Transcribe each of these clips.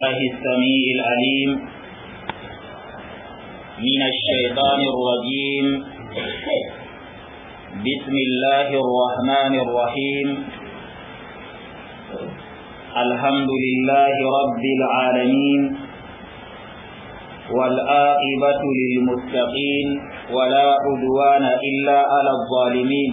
الله السميع العليم من الشيطان الرجيم بسم الله الرحمن الرحيم الحمد لله رب العالمين والآئبة للمتقين ولا عدوان إلا على الظالمين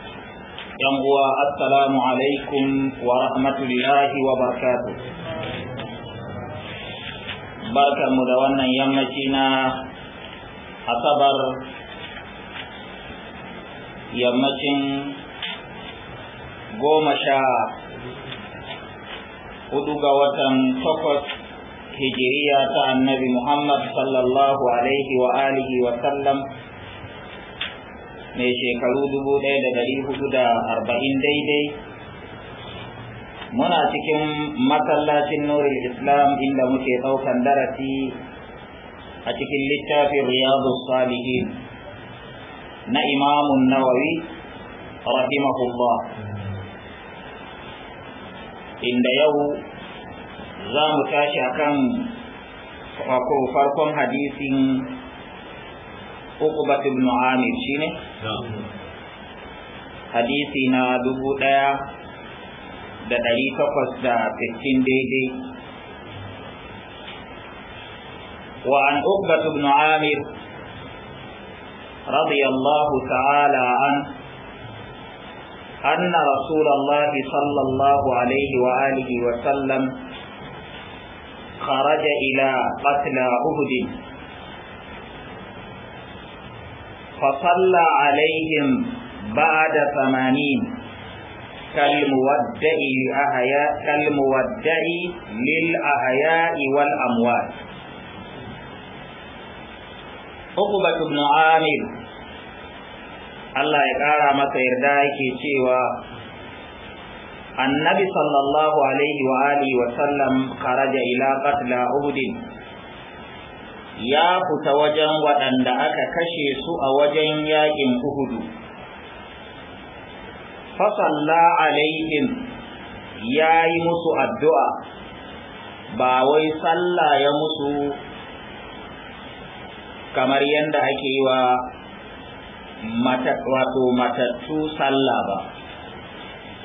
yan uwa assalamu alaikum wa rahmatullahi wa barakatuh barkanmu da wannan yammaci na asabar yammacin goma sha hudu ga watan takwas hijiriya ta annabi muhammad sallallahu alaihi wa alihi wa sallam mai shekaru dubu ɗaya da ɗari hudu da arba'in daidai muna cikin masallacin nurul islam inda muke ɗaukan darasi a cikin littafin riyadu salihin na imamun nawawi rahimahullah inda yau za mu tashi a kan farkon hadisin uku batun amir shi ne hadisi na دا ɗaya da ɗari takwas da fiftin daidai وعن عقبة بن عامر رضي الله تعالى عنه أن رسول الله صلى الله عليه وآله وسلم خرج إلى قتل أهد فصلى عليهم بعد ثمانين كالمودع لأحياء كالمودع للأحياء والأموات عقبة بن عامر الله يقارى ما سيردائك شيوا النبي صلى الله عليه وآله وسلم خرج إلى قتل أهد ya fita wajen waɗanda aka kashe su a wajen yaƙin uhudu fasalla alaihim ya yi musu addu'a ba wai sallah ya musu kamar yadda ake yi wa wato matattu sallah ba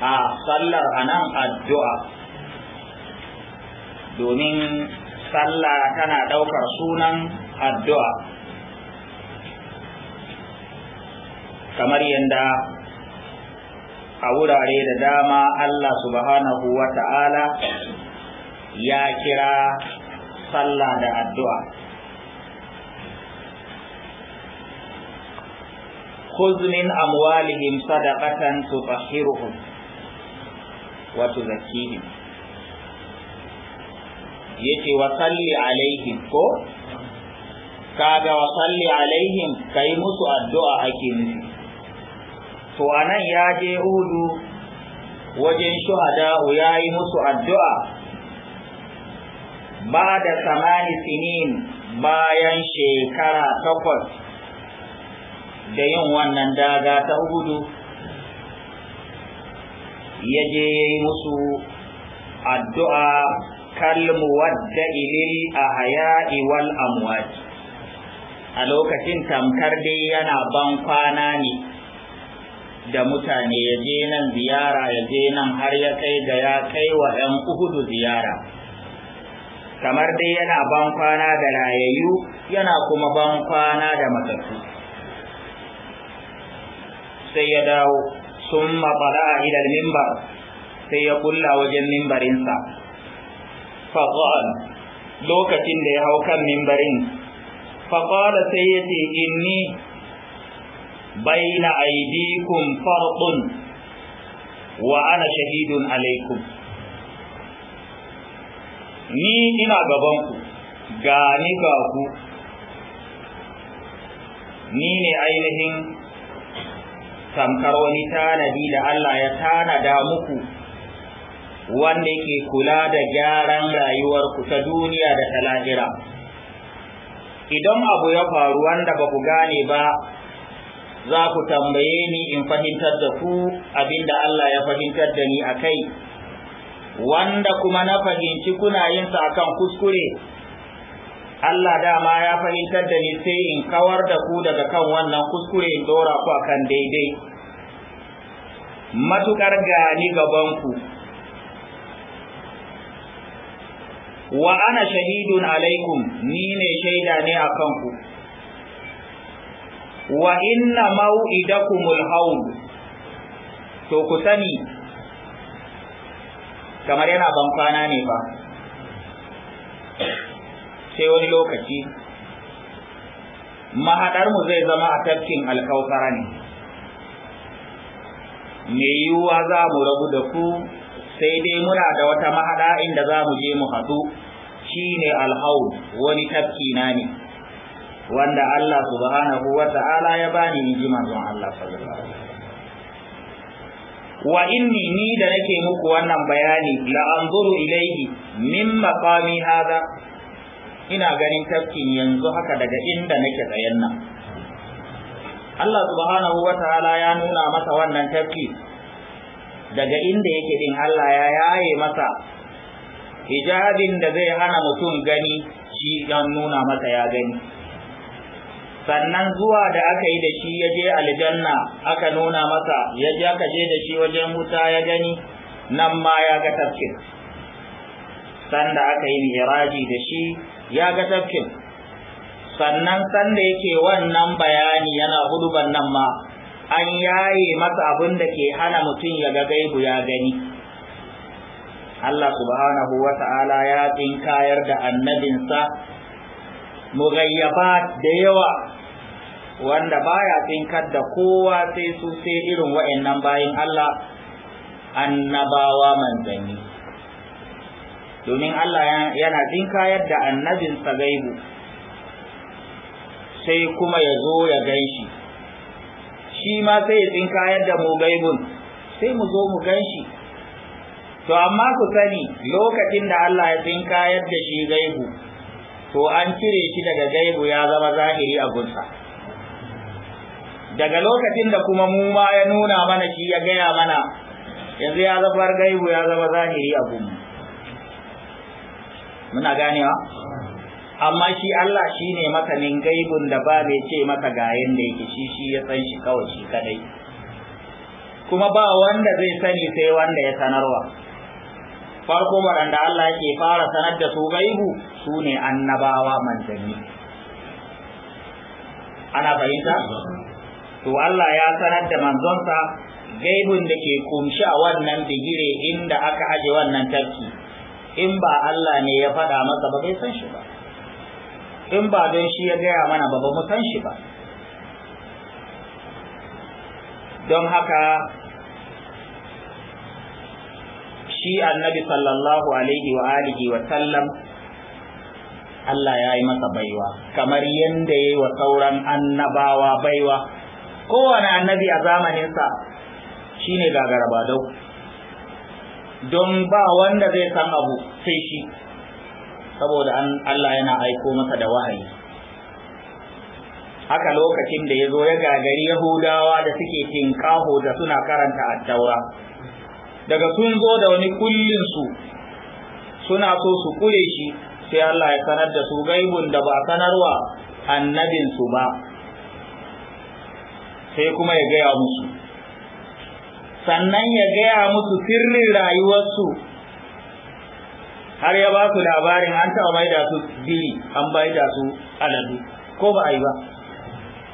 a sallar a nan addu'a domin sallah tana ɗaukar sunan addu'a kamar yadda a wurare da dama Allah subhanahu wa ta'ala ya kira sallah da addu'a خذ من أموالهم صدقة تطهرهم وتزكيهم yace wa salli alaihim ko kaga wa salli alaihim kai musu addu'a ake nufi to anan ya je Udu wajen shuhada ya yi musu addu'a ba da samani sinin bayan shekara takwas da yin wannan daga ta hudu ya je ya yi musu addu'a kalmuwadda'i a ahya'i wal amwat a lokacin tamkar dai yana ban kwana ne da mutane ya je nan ziyara ya je nan har ya kai ga ya kai wa 'yan uhudu ziyara kamar dai yana ban kwana da rayayyu yana kuma ban kwana da matattu sai ya dawo sun matsala a idar mimbar sai ya kulla wajen mimbarinsa faqal lokacin da ya hau kan mimbarin faqala sai yace inni baina aydikum fardun wa ana shahidun alaikum ni ina gaban ku ga ni ga ku ni ne ainihin tamkar wani tanadi da Allah ya tanada muku wanda yake kula da gyaran rayuwar ku ta duniya da ta lahira idan abu ya faru wanda ba ku gane ba za ku tambaye ni in fahimtar da ku abinda Allah ya fahimtar da ni a kai wanda kuma na fahimci kuna yin sa akan kuskure Allah dama ya fahimtar da ni sai in kawar da ku daga kan wannan kuskure in dora ku akan daidai matukar gani ku. wa ana shahidun alaikum ni ne shaida ne a kanku wa inna mau'idakumul haud to ku sani kamar yana ban kwana ne ba sai wani lokaci mahaɗarmu zai zama a tafkin alkautara ne me yiwuwa za mu rabu da ku sai dai muna da wata mahada inda za mu je mu haɗu shine alhaud wani tafki na ne wanda Allah subhanahu wa ta'ala ya bani ni ji manzon Allah sallallahu wa inni ni da nake muku wannan bayani la anzuru ilayhi min maqami hadha ina ganin tafkin yanzu haka daga inda nake tsayen nan Allah subhanahu wa ta'ala ya nuna masa wannan tafki daga inda yake din Allah ya yaye masa hijabin da zai hana mutum gani shi dan nuna masa ya gani sannan zuwa da aka yi da shi ya je aljanna aka nuna masa ya je aka je da shi wajen wuta ya gani nan ma ya ga tafkin sanda aka yi miraji da shi ya ga tafkin sannan sanda yake wannan bayani yana huduban nan ma an yaye masa abin da ke hana mutum ya ga gaibu ya gani Allah subhanahu wa ta'ala ya kayar da annabinsa mugayyabat da yawa wanda baya tsinkar da kowa sai su sai irin wa'annan bayin Allah annabawa manzanni domin Allah yana tsinkayar da annabinsa gaibu sai kuma ya zo ya gan shi shi ma sai ya tsinkayar da mu gaibun sai mu zo mu gan shi to amma ku sani lokacin da Allah ya tsinkayar da shi gaibu to an cire shi daga gaibu ya zama zahiri a gunsa daga lokacin da kuma mu ma ya nuna mana shi ya gaya mana yanzu ya zafar gaibu ya zama zahiri a gunmu muna ganewa amma shi Allah shi ne min gaibun da ba mai ce maka ga yanda yake shi shi ya san shi kawai shi kadai kuma ba wanda zai sani sai wanda ya sanarwa farko waɗanda Allah yake fara sanar da su gaibu su ne annabawa manzanni ana fahimta to Allah ya sanar da manzonsa gaibun da ke kumshi a wannan digire inda aka aje wannan tafki in ba Allah ne ya faɗa masa ba bai san shi ba in ba don shi ya gaya mana ba ba mu san shi ba don haka shi annabi sallallahu alaihi wa alihi wa sallam Allah ya yi masa baiwa kamar yadda ya yi wa sauran annabawa baiwa kowane annabi a zamaninsa shine gagarabadau don ba wanda zai san abu sai shi saboda an Allah yana aiko masa da wahayi haka lokacin da ya zo ya gagari yahudawa da suke tinkaho da suna karanta taura daga sun zo da wani kullin su suna so su kure shi sai Allah ya sanar da su gaibun da ba sanarwa annabinsu ba sai kuma ya gaya musu sannan ya gaya musu sirrin rayuwarsu har ya ba su labarin an taɓa mai da su biri an bai da su aladu ko ba a yi ba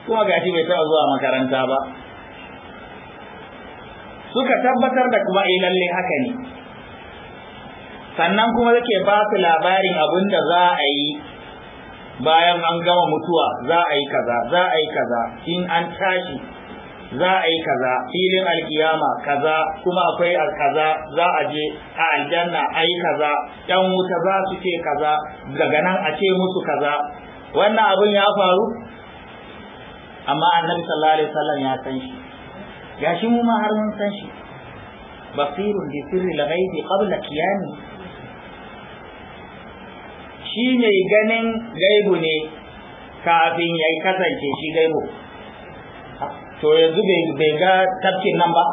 kuma gashi bai taɓa zuwa makaranta ba suka tabbatar da kuma eh lalle haka ne sannan kuma suke ba su labarin abin da za a yi bayan an gama mutuwa za a yi kaza za a yi kaza in an tashi za a yi kaza filin alkiyama kaza kuma akwai kaza za a je a aljanna a yi kaza yan wuta za su ce kaza daga nan a ce musu kaza wannan abin ya faru amma annabi sallallahu alaihi wasallam ya san shi ya shi mu ma har mun san shi basirun bi sirri al qabla qiyami shi mai ganin gaibu ne kafin ya kasance shi gaibu to yanzu bai ga tafkin nan ba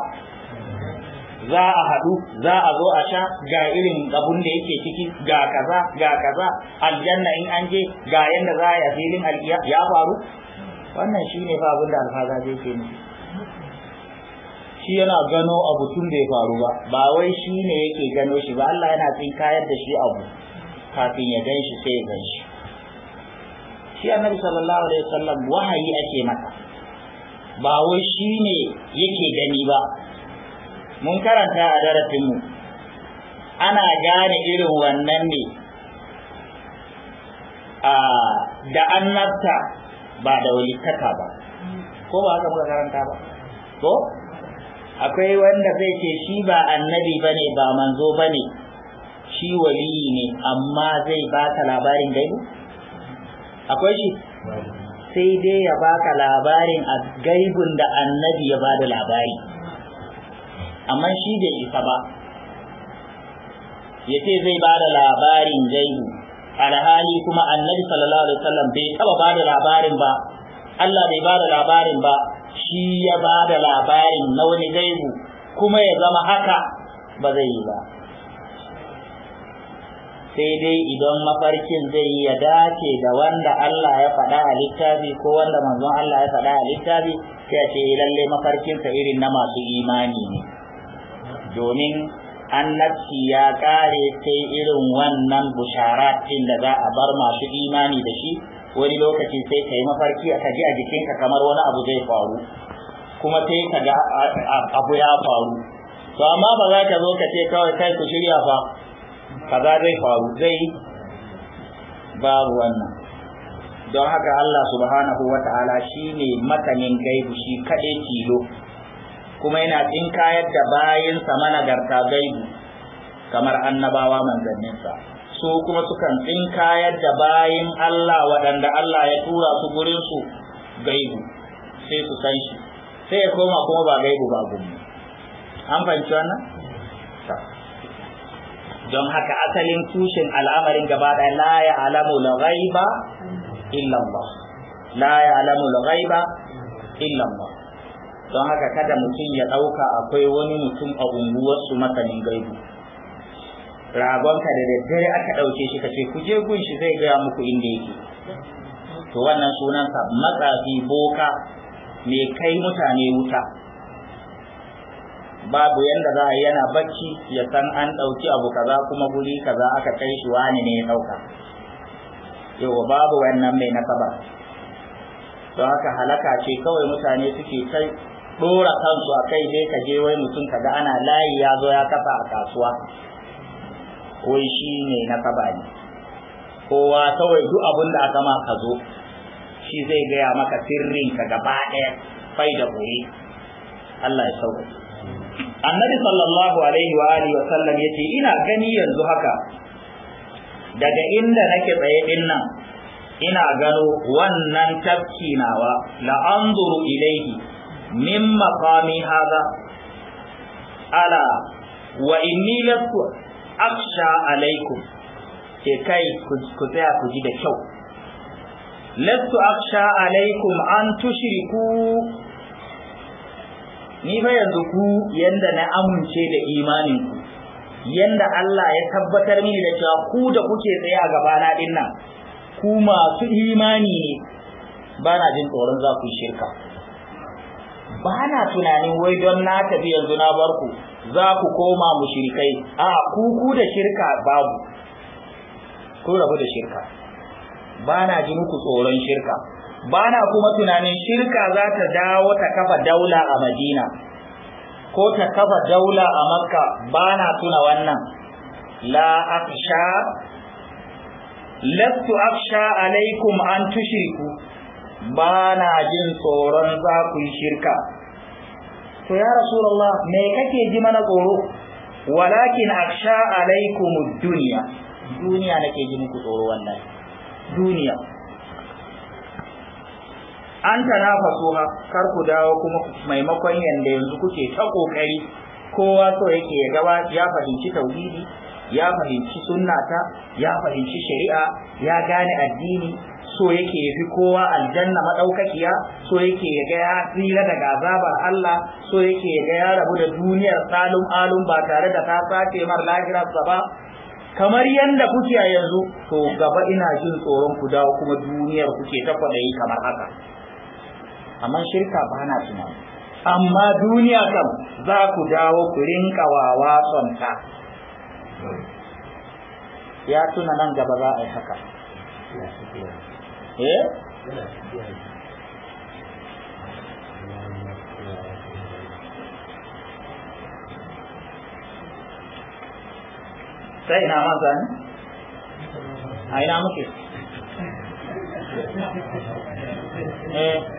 za a haɗu za a zo a sha ga irin abun da yake ciki ga kaza ga kaza aljanna in an je ga yanda za a yi a filin alkiya ya faru wannan shi ne fa abin da alfaza zai ke ni. shi yana gano abu tun bai faru ba ba wai shi ne yake gano shi ba Allah yana kayar da shi abu kafin ya gan shi sai ya gan shi shi annabi sallallahu alaihi wasallam wahayi ake mata. ba wai shi ne yake gani ba mun karanta a darasinmu ana gane irin wannan ne a da annabta ba da walittaka ba ko ba haka muka karanta ba ko akwai wanda zai ce shi ba annabi bane ba manzo bane shi waliyi ne amma zai ba ta labarin gaibu akwai shi sai dai ya baka labarin a gaibun da annabi ya bada labari amma shi bai isa ba ya ce zai bada labarin gaibu alhali kuma annabi sallallahu alaihi wasallam bai taba bada labarin ba Allah bai bada labarin ba shi ya bada labarin na wani gaibu kuma ya zama haka ba zai yi ba sai dai idan mafarkin zai yi ya dace da wanda Allah ya faɗa a littafi ko wanda manzon Allah ya faɗa a littafi sai a ce eh, lalle mafarkinsa irin na masu imani ne domin annabci ya kare sai irin wannan busharatin da za a bar masu imani da shi wani lokaci sai kai yi mafarki a kaji a jikinka kamar wani abu zai faru kuma sai ka ga abu ya faru to amma ba za ka zo ka ce kawai kai ku shirya fa kaza zai faru zai babu wannan don haka Allah subhanahu wa ta'ala shi ne makanin gaibu shi kaɗai tilo kuma yana tsinkayar da bayansa managarta gaibu kamar annabawa manzanninsa su kuma sukan tsinkayar da bayin Allah waɗanda Allah ya tura su gurinsu gaibu sai su san shi sai ya koma kuma ba gaibu ba gumi an fahimci wannan don haka asalin tushen al'amarin gaba ɗaya la ya alamu ghaiba illallah la ya alamu ghaiba illallah don haka kada mutum ya ɗauka akwai wani mutum a unguwarsu masanin gaibu ragonka da daddare aka ɗauke shi kace ku je gun shi zai gaya muku inda yake to wannan sunansa matsafi boka mai kai mutane wuta babu yanda za a yana bacci ya san an ɗauki abu kaza kuma guri kaza aka kai shi wani ne ya ɗauka Yau, babu wannan mai nasaba don haka halaka ce kawai mutane suke kai ɗora kansu a kai dai ka je wai mutum ka ga? ana layi ya zo ya kafa a kasuwa wai shi ne nasaba ne kowa kawai duk abin da aka ma ka zo shi zai gaya maka sirrin ka gaba ɗaya fai da Allah ya sauƙaƙe annabi sallallahu alaihi wa alihi wa sallam yace ina gani yanzu haka daga inda nake tsaye din nan ina gano wannan tafki nawa la anzuru ilaihi min maqami hadha ala wa inni lastu aksha alaikum ce kai ku tsaya ku ji da kyau lastu aksha alaikum an tushriku ni fa yanzu ku yanda na amince da imanin ku yanda Allah ya tabbatar mini da cewa ku da kuke tsaye a gabana din nan ku masu imani ne ba na jin tsoron za ku shirka ba na tunanin wai don na tafi yanzu na bar ku za ku koma mushrikai a ku ku da shirka babu ku rabu da shirka ba na jin ku tsoron shirka ba na kuma tunanin shirka za ta dawo ta kafa daula a madina ko ta kafa daula a makka ba na tuna wannan la afsha lastu afsha alaikum an tushiku ba na jin tsoron za ku yi shirka to ya rasulullah me kake ji mana tsoro walakin afsha alaikum duniya duniya nake ji muku tsoro wannan duniya an ha kar ku dawo kuma maimakon yanda yanzu kuke ta kokari kowa so yake ya gaba ya fahimci tauhidi ya fahimci sunnata ya fahimci shari'a ya gane addini so yake ya fi kowa aljanna madaukakiya so yake ya ga ya tsira daga azabar Allah so yake ya ga ya rabu da duniyar salum alum ba tare da ta sace mar lahira ba kamar yadda kuke a yanzu to gaba ina jin tsoron ku dawo kuma duniyar kuke ta kwaɗayi kamar haka amma shirka ba na tunani amma duniya kam za ku dawo ku rinka wawa sonta ya tuna nan gaba za a yi haka eh sai ina masa ne a ina muke eh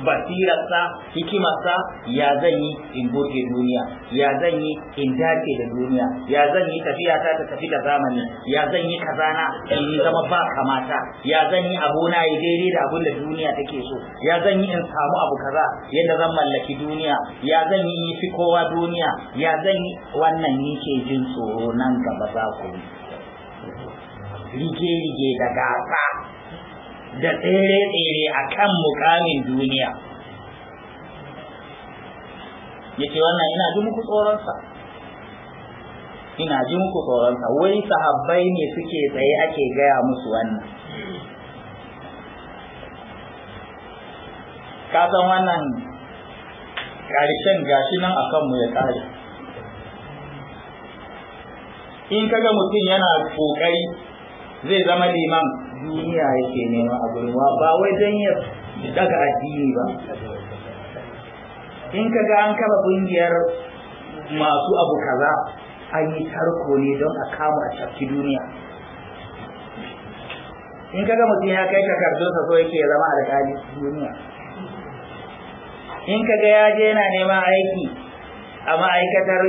basirarsa hikimarsa ya zan yi in goge duniya ya zan yi in dace da duniya ya zan yi tafiya ta ta tafi da zamani ya zan yi kazana in zama ba kamata ya zan yi abuna ya daidai da abun da duniya take so ya zan yi in samu abu kaza yadda zan mallaki duniya ya zan yi fi kowa duniya ya zan yi wannan ni ke jin tsoro nan gaba za ku yi rige-rige da gasa da tsere-tsere a kan mukamin duniya ya ce wannan ina ji muku tsoronsa ina ji muku tsoronsa wai sahabbai ne suke tsaye ake gaya musu wannan kasan wannan ƙarshen gashi nan a kanmu ya tsari in kaga mutum yana ƙoƙari zai zama liman duniya yake nema a gurin ba wai don ya daga addini ba in ka ga an kaba kungiyar masu abu kaza an yi tarko ne don a kama a shafi duniya in ka ga mutum ya kai sa so yake zama alƙali duniya in ka ga ya je yana neman aiki a ma'aikatar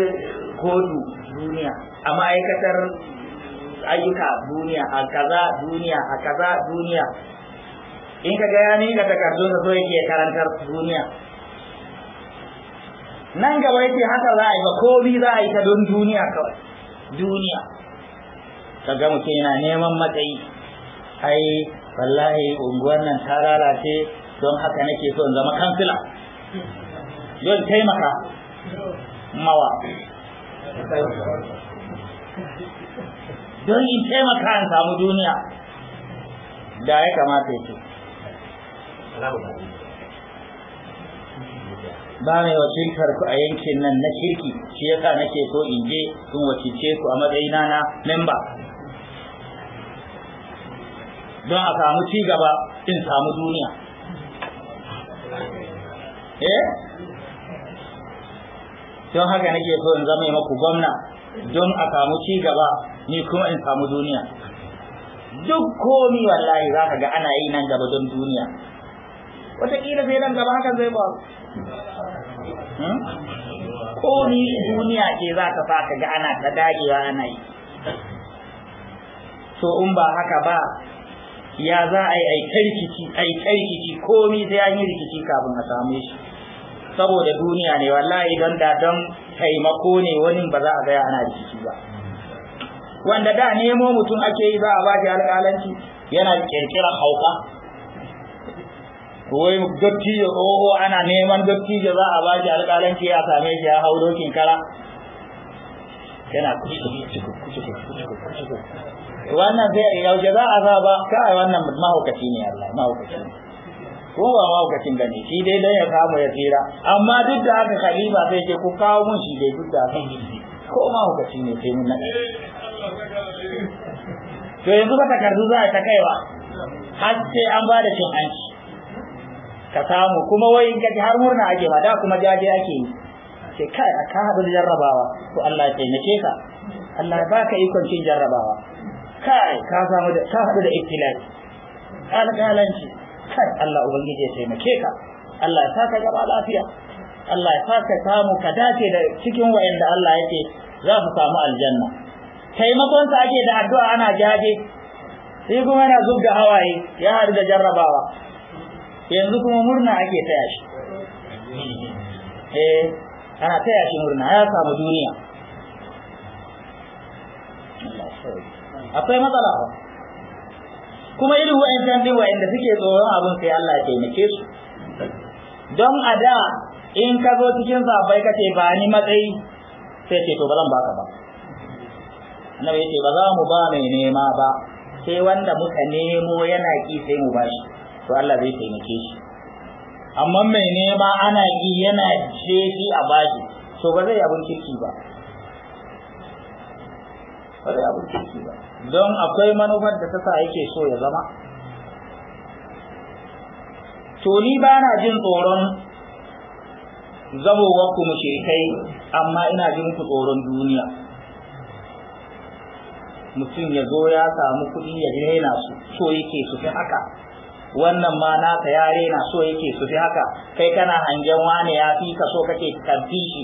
kotu duniya a ma'aikatar ayyuka duniya a kaza duniya a kaza duniya in ka gaya ni da takardun da so yake karantar duniya nan gaba yake haka za a yi ba komi za a yi ta don duniya kawai duniya kaga mutum yana neman matsayi ai wallahi unguwar nan ta lalace don haka nake so in zama kansila don taimaka mawa don in taimaka in samu duniya da ya kamata ya ce ba mai wakiltar ku a yankin nan na kirki shi yasa nake so in je in wakilce ku a matsayina na memba don a samu ci gaba in samu duniya eh don haka nake so in zama maku gwamna don a samu ci gaba ni kuma in samu duniya duk komi wallahi za ka ga ana yi nan gaba don duniya wataƙila sai nan gaba haka zai ba hmm? komi duniya ce za ka sa ka ga ana ta dagewa ana yi to in ba haka ba ya za a yi aikar rikici komai komi sai an yi rikici kafin a same shi saboda duniya ne wallahi don da don taimako ne wani ba za a gaya ana rikici ba wanda da nemo mutum ake yi za a ba shi alƙalanci yana kirkira hauka wai dattijo oho ana neman dattijo za a ba shi alƙalanci ya same shi ya hau dokin kara yana wannan sai yaushe za a sa ba kai wannan mahaukaci ne Allah mahaukaci ne ko ba mahaukacin gani shi dai dan ya samu ya tsira amma duk da haka kalima sai ke ku kawo mun shi dai duk da haka ko mahaukaci ne sai mun na to yanzu ba takardu za a ta kaiwa har sai an ba da cin hanci ka samu kuma wai in kaji har murna ake ba da kuma jaje ake yi sai kai a ka haɗu da jarrabawa to Allah ya taimake ka Allah ya baka ikon cin jarrabawa kai ka samu da ka haɗu da ibtilai alƙalanci kai Allah ubangiji ya taimake ka Allah ya saka gaba lafiya Allah ya saka samu ka dace da cikin wayanda Allah yake za su samu aljanna taimakon sa ake da addu'a ana jaje sai kuma yana zub da hawaye ya haɗu da jarrabawa yanzu kuma murna ake taya shi eh ana taya shi murna ya samu duniya akwai matsala ba kuma irin wa'ancan wa’in da suke tsoron abin sai Allah ya taimake su don a da in ka zo cikin zafai ka ce ba ni matsayi sai ce to ba zan baka ba annabi yace ba za mu ba mai nema ba sai wanda muka nemo yana ki sai mu bashi to Allah zai taimake shi amma mai nema ana ki yana je shi a bashi to ba zai abin kirki ba ba zai abun kirki ba don akwai manufar da ta sa yake so ya zama to ni ba na jin tsoron zamowarku mushrikai amma ina jin ku tsoron duniya mutum ya zo ya samu kuɗi ya rena su so yake su fi haka wannan ma naka ya rena so yake su fi haka kai kana hangen wane ya fi ka so kake karfi shi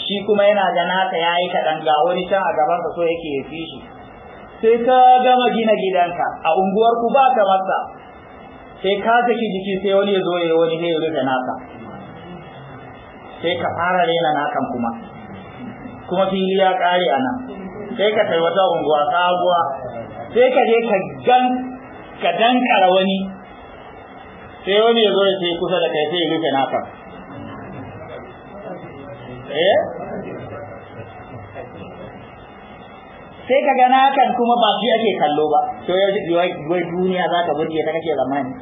shi kuma yana ga naka ya yi kaɗan ga wani can a gaban ka so yake ya fi shi sai ka gama gina gidanka a unguwarku ba ka masa sai ka saki jiki sai wani ya zo ya wani zai rufe naka sai ka fara rena nakan kuma kuma fili ya ƙare a nan sai ka kai wata unguwa sabuwa sai ka je ka gan ka dankara wani sai wani ya zo ya sai kusa da kai sai ya rufe naka eh sai ka ga nakan kuma ba shi ake kallo ba to wai duniya za ka burge ta kake zamani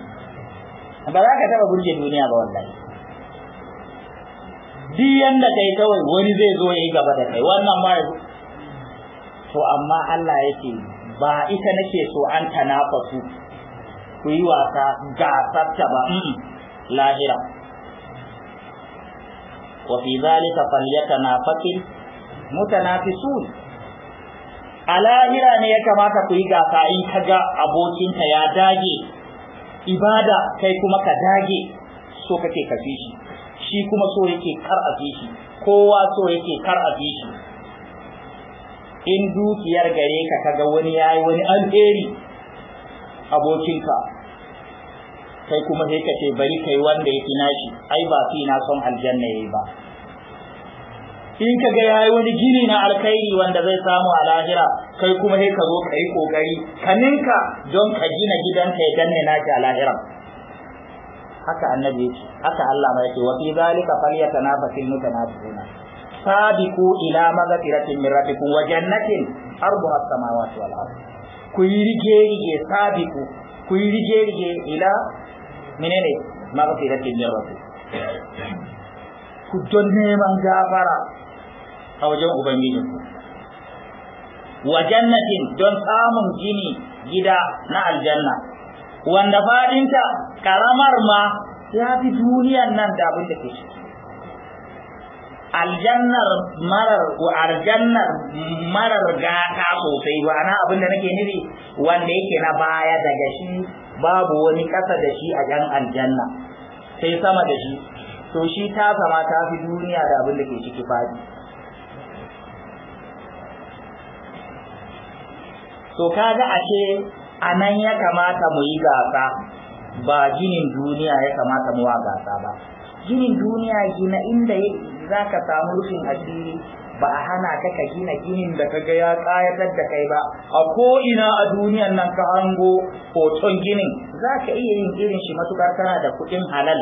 ba za ka taba burge duniya ba wallahi duk yanda kai kawai wani zai zo ya yi gaba da kai wannan ma to amma Allah yake ba ita nake so an tanafasu ku yi wasa gasarta ba lahira wa fi zalika falyatanafasil mutanafisun a lahira ne ya kamata ku yi gasa in ka ga abokinka ya dage ibada kai kuma ka dage so kake ka fi shi shi kuma so yake kar a fi kowa so yake kar a fi in dukiyar gare ka kaga wani yayi wani alheri abokinka kai kuma sai ka ce bari kai wanda ya nashi ai ba fi na son aljanna yayi ba in ka ga yayi wani gini na alkhairi wanda zai samu a lahira kai kuma sai ka zo ka kokari ka don ka gina gidanka ya danne naki a lahira haka annabi haka Allah ma yake wa fi zalika falyatanafasil mutanafisuna Sabiku ila maghfiratin min rabbikum wa jannatin arduha as-samawati wal ard ku yi rige sabiku ku yi rige ila menene maghfiratin min rabbikum ku don neman gafara a wajen ubangijinku wa jannatin don samun gini gida na aljanna wanda fadinta karamar ma ya fi duniyan nan da abin da ke ciki aljannar marar aljannar marar gata sosai ba na abin da nake nufi wanda yake na baya daga shi babu wani ƙasa da shi a jan aljanna sai sama da shi to shi ta sama ta fi duniya da abin da ke ciki fadi to kaga ashe a nan ya kamata mu yi gasa ba ginin duniya ya kamata mu wa gasa ba ginin duniya gina inda za ka samu rufin asiri ba a hana ka ka gina ginin da ka ga ya da kai ba a ko'ina a duniyan nan ka hango hoton ginin za ka iya yin irin shi matukar kana da kuɗin halal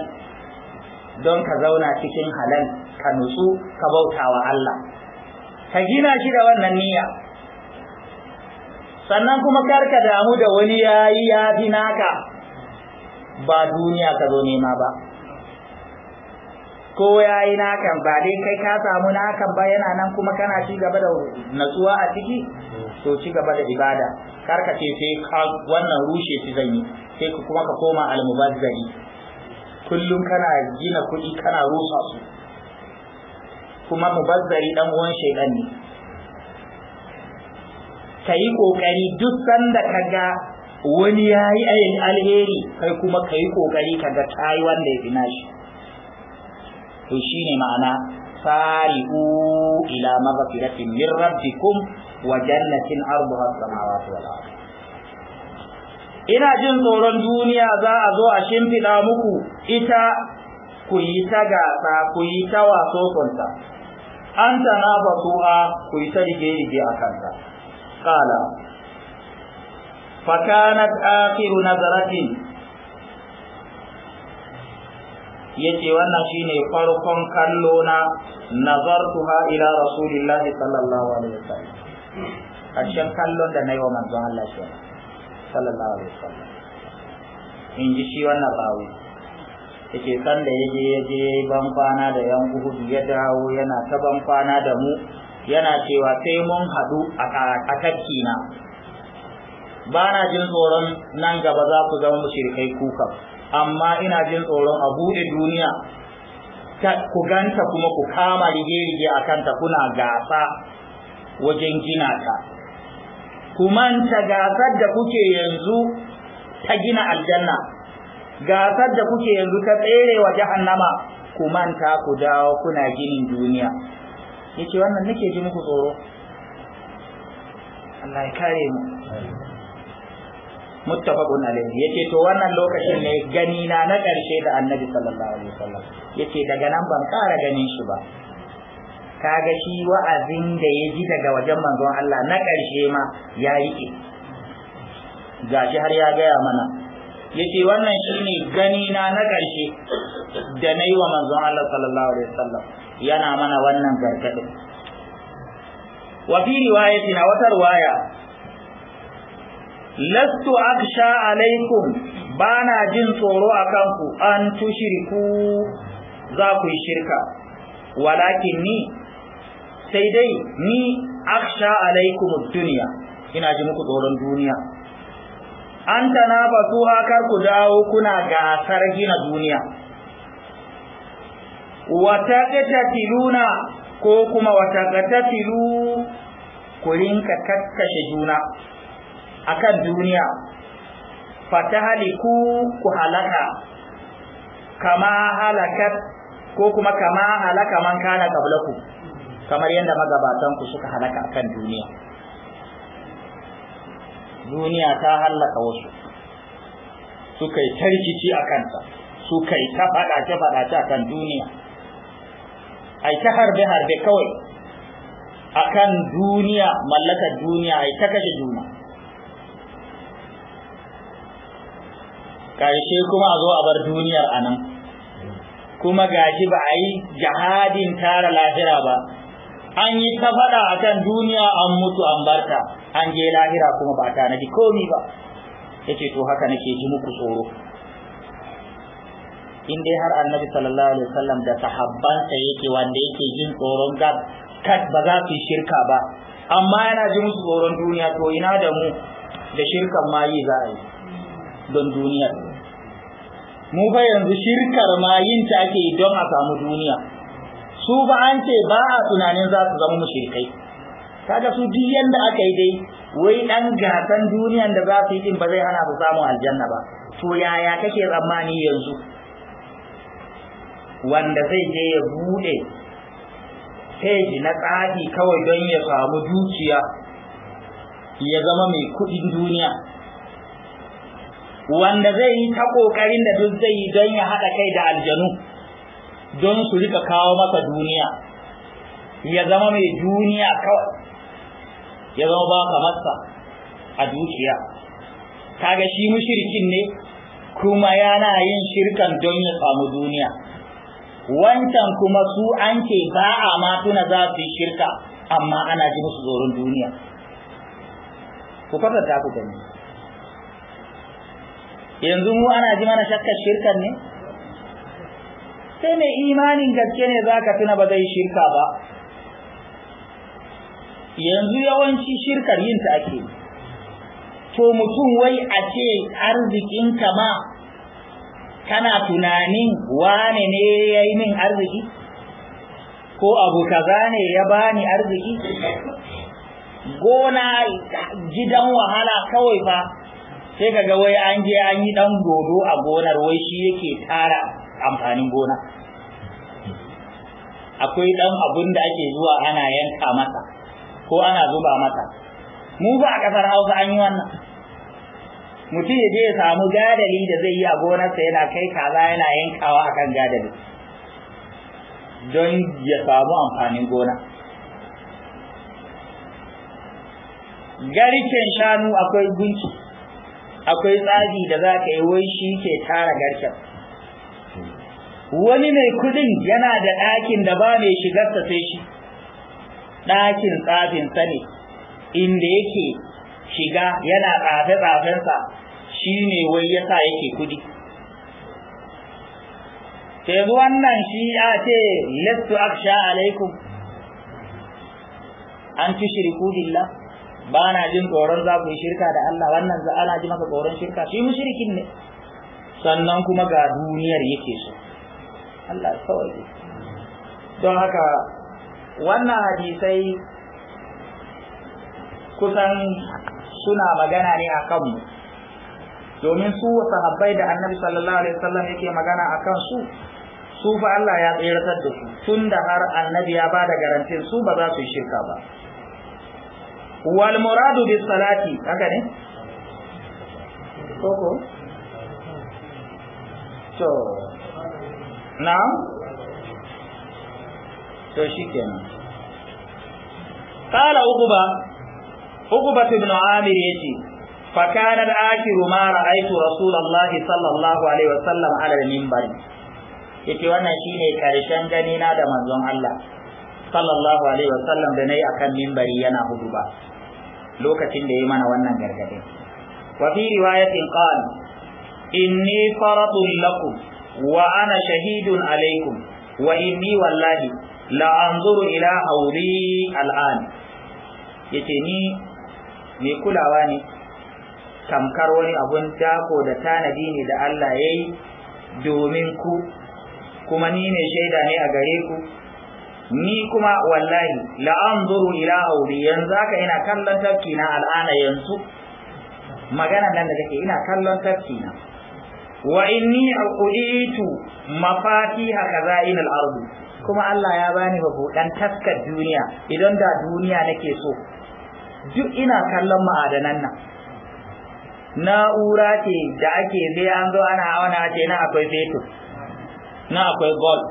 don ka zauna cikin halal ka nutsu ka bauta wa Allah ka gina shi da wannan niyya sannan kuma kar ka damu da wani yayi ya fi naka ba duniya ka zo nema ba Ko ya yi nakan ba dai kai ka samu nakan ba yana nan kuma kana ci gaba da natsuwa a ciki to ci gaba da ibada kar ka ce sai wannan rushe shi zan yi sai kuma ka koma almubazzari kullum kana gina kuɗi kana rusa su kuma mubazzari dan uwan shaidan ne ka yi ƙoƙari duk sanda ka ga wani ya yi alheri kai kuma ka yi ƙoƙari ka ga tayi wanda ya fi shi. to shine ma'ana sari'u ila maghfiratin min rabbikum wa jannatin arduha samawati wal ardh ina jin tsoron duniya za a zo a shimfiɗa muku ita ku yi ta gasa ku yi ta waso sonta an ta na basu'a ku yi ta rige-rige a kanta kala fakanat akhiru nazaratin yace wannan shine farkon kallo na nazartuha ila rasulillahi sallallahu alaihi wasallam ƙarshen kallon da na yi wa manzon Allah shi sallallahu alaihi wasallam in ji shi wannan rawi yake san da yaje yaje ban kwana da yan uhudu ya dawo yana ta ban kwana da mu yana cewa sai mun hadu a kakki na ba na jin tsoron nan gaba za ku zama mushrikai kukan amma ina jin tsoron a buɗe duniya ku ganta kuma ku kama rige-rige a kanta kuna gasa wajen gina ta ku manta gasar da kuke yanzu ta gina aljanna gasar da kuke yanzu ta tsere wa jahannama ku manta ku dawo kuna ginin duniya yake wannan nake ji muku tsoro Allah ya kare mu muttafaqun alayhi yace to wannan lokacin ne gani na na karshe da annabi sallallahu alaihi wasallam yace daga nan ban kara ganin shi ba kaga shi wa'azin da ya ji daga wajen manzon Allah na karshe ma ya Ga gashi har ya gaya mana yace wannan shine gani na na karshe da nayi wa manzon Allah sallallahu alaihi wasallam yana mana wannan gargadin wa fi riwayatina wata riwaya lastu aksha alaikum bana jin tsoro akan ku, an shirku za ku yi shirka walakin ni sai dai ni aksha alaikum duniya ina ji muku tsoron duniya an su hakar ku dawo kuna gasar gina duniya wata tiluna ko kuma wata tilu ku rinka kakkashe juna akan duniya fatahaliku ku halaka kama halakat ko kuma kama halaka man kana qablakum kamar yadda magabatan ku suka halaka akan duniya duniya ta halaka wasu suka yi tarkici a ta suka yi ta faɗace faɗace akan duniya ai ta harbe harbe kawai akan duniya mallakar duniya ai ta kashe juna karshe kuma a zo a bar duniyar anan kuma gashi ba a yi jihadin tara lahira ba an yi ta faɗa a kan duniya an mutu an barta an je lahira kuma ba ta naji komi ba ya ce to haka nake ji muku tsoro in dai har annabi sallallahu alaihi wasallam da sahabbansa yake wanda yake jin tsoron gab kad ba za su shirka ba amma yana jin musu tsoron duniya to ina da mu da shirkan ma yi za a yi don duniyar mu fa yanzu shirkar ma yin ta ake don a samu duniya su ba an ce ba a tunanin za su zama mushrikai kaga su duk yanda aka yi dai wai dan gasan duniyan da za su yi din ba zai hana su samu aljanna ba to yaya kake tsammani yanzu wanda zai je ya bude feji na tsafi kawai don ya samu dukiya ya zama mai kuɗin duniya wanda zai yi ta kokarin da duk zai yi don ya haɗa kai da aljanu don su rika kawo masa duniya ya zama mai duniya kawai ya zama ba ka masa a dukiya kaga shi mushirikin ne kuma yana yin shirkan don ya samu duniya wancan kuma su an ce ba a ma za su yi shirka amma ana ji musu tsoron duniya ku kwatanta ku gani yanzu mu ana ji mana shakkar shirkan ne sai mai imanin gaske ne za ka tuna ba zai shirka ba yanzu yawanci shirkar yin ta ake to mutum wai a ce arzikin ma kana tunanin wane ne ya yi min arziki ko abu kaza ne ya bani arziki gona gidan wahala kawai fa sai ka ga wai an je an yi dan godo a gonar wai shi yake tara amfanin gona akwai dan abun da ake zuwa ana yanka masa ko ana zuba masa mu ba a kasar hausa an yi wannan mutum ya je ya samu gadali da zai yi a gonarsa yana kai kaza yana yankawa akan gadali don ya samu amfanin gona garken shanu akwai gunki akwai tsadi da za ka yi wai shi ke tara garken wani mai kudin yana da ɗakin da ba mai shigarsa sai shi ɗakin tsafinsa ne inda yake shiga yana tsafe-tsafensa shi ne wai ya sa yake kudi sai wannan shi ya ce lettu aksha alaikum an shirku billah ba na jin tsoron za ku yi shirka da Allah wannan za ana ji maka tsoron shirka shi mushrikin ne sannan kuma ga duniyar yake so Allah kawai don haka wannan hadisai kusan suna magana ne a kanmu domin su sahabbai da annabi sallallahu alaihi wasallam yake magana a kansu su fa Allah ya tsiratar da su tun da har annabi ya ba da garantin su ba za su yi shirka ba wal muradu bis salati haka ne koko to na to shikenan qala uquba uquba ibn amir yace fa kana akhiru ma ra'aytu rasulullahi sallallahu alaihi wasallam ala al-minbar yace wannan shine karshen gani na da manzon Allah sallallahu alaihi wasallam da nayi akan minbari yana huduba lokacin da ya mana wannan gargadin wa fi riwayatin qal inni faradun lakum wa ana shahidun alaikum wa inni wallahi la anzuru ila hauri al'an yace ni mai kulawa ne tamkar wani abun dako da tanadi ne da Allah ya yi domin ku kuma ni ne shaida ne a gare ku ni kuma wallahi la anzuru ila hauri yanzu haka ina kallon tafki na al'ana yanzu magana nan da kake ina kallon tafki na wa inni uqitu mafatiha kaza'in al-ardh kuma Allah ya bani mabudan taskar duniya idan da duniya nake so duk ina kallon ma'adanan nan na'ura ce da ake zai an zo ana auna ce na akwai fetur na akwai gold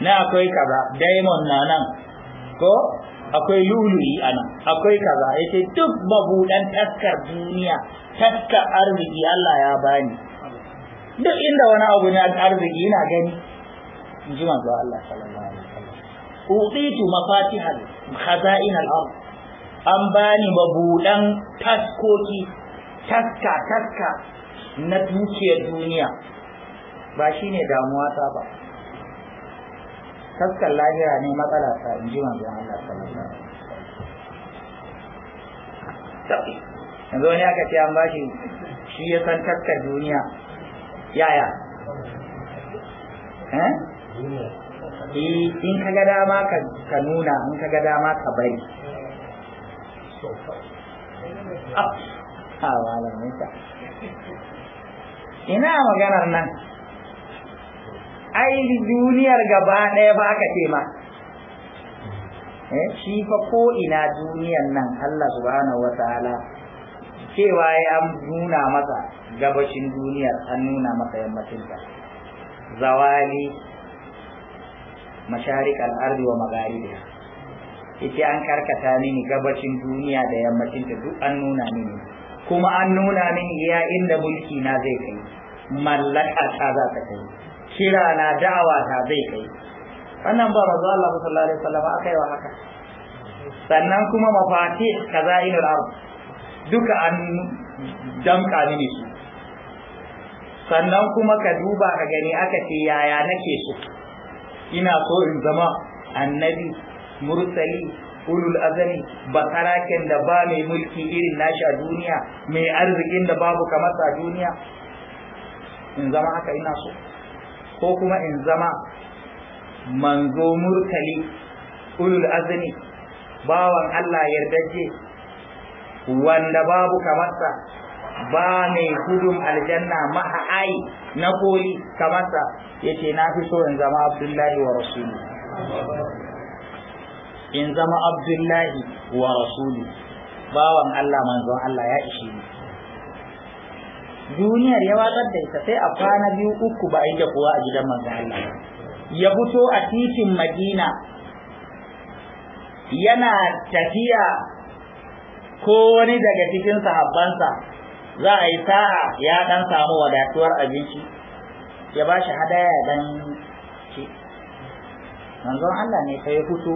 na akwai kaza daimon na nan ko akwai luluyi a nan akwai kaza ya ce duk mabuɗan taskar duniya taskar arziki Allah ya bani duk inda wani abu ne arziki ina gani in ji manzo Allah sallallahu alaihi wasallam utitu mafatihal khaza'in al-ard an bani mabuɗan taskoki taska taska na dukiyar duniya ba shine damuwa ta ba taskar lahira ne matsala ta in ji manzon Allah sallallahu alaihi yanzu wani aka ce an bashi shi ya san taskar duniya yaya eh, eh in ka ga dama ka nuna in ka ga dama ka bari ne ah, ta ina maganar nan ai duniyar gaba ɗaya ba aka ce ma eh, shi fa ko ina duniyar nan Allah subhanahu ta'ala cewa ya an nuna masa gabashin duniyar an nuna masa yammacinta zawali masharik al'ardi wa magharibi yace an karkata mini gabashin duniya da yammacinta duk an nuna mini kuma an nuna mini ya inda mulki na zai kai mallaka ta za ta kai kira na da'awa ta zai kai wannan ba manzo Allah sallallahu alaihi wasallam aka yi wa haka sannan kuma mafati kazainul ard duka an damka mini su sannan kuma ka duba ka gani aka ce yaya nake so ina so in zama annabi mursali ulul azami basaraken da ba mai mulki irin nashi a duniya mai arzikin da babu kamar sa duniya in zama haka ina so ko kuma in zama manzo murtali ulul azmi bawan Allah yardaje wanda babu kamarsa ba mai gudun aljanna ai na koli kamarsa yace na fi so in zama abdullahi wa rasuli in zama abdullahi wa rasuli bawan Allah manzon Allah ya ishe ni duniyar ya watsar da ita sai a kwana biyu uku ba inda kuwa a gidan manzo Allah ya fito a titin Madina yana tafiya ko wani daga cikin sahabbansa za a yi sa'a ya dan samu wadatuwar abinci ya ba shi hadaya dan ci manzon Allah ne sai ya fito